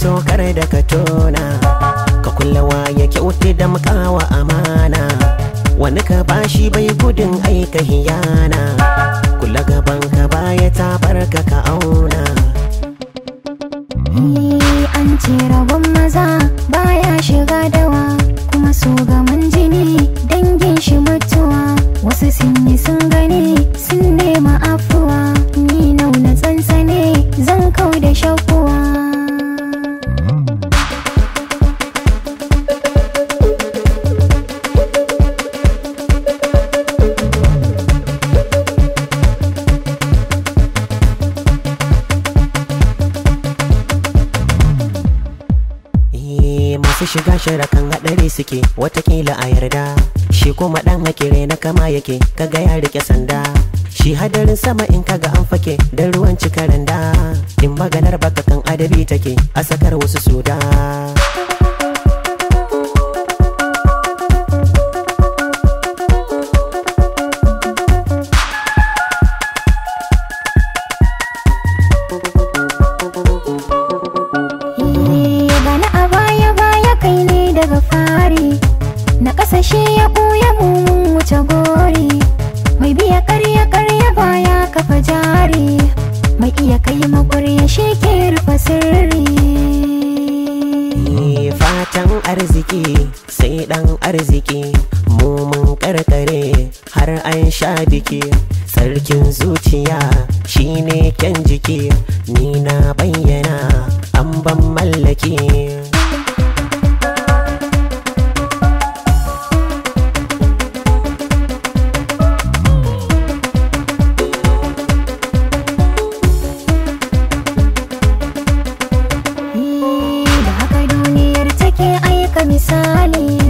fito kar da ka tona ka kullawa ya kyauti da mukawa amana wani ka bashi bai gudun aika hiyana kula gaban ka baya ta barka ka auna eh, an ce rabon maza baya shiga dawa kuma so gaman jini dangin shi mutuwa wasu sun yi sun masu shiga shirakan haɗari suke watakila a yarda shi kuma ɗan hakire na kama yake kaga ya rike sanda shi hadarin sama in kaga an fake dan ruwan cikaranda in maganar baka kan adabi take a sakar wasu suda shi ya ɓuya mun wuce gori mai biya karya karya baya kafa jari mai iya kai makurya shi ke rufe sirri fatan arziki sai dan arziki mu mun karkare har an sha biki sarkin zuciya shine kyan jiki ni na bayyana an ban mallaki misali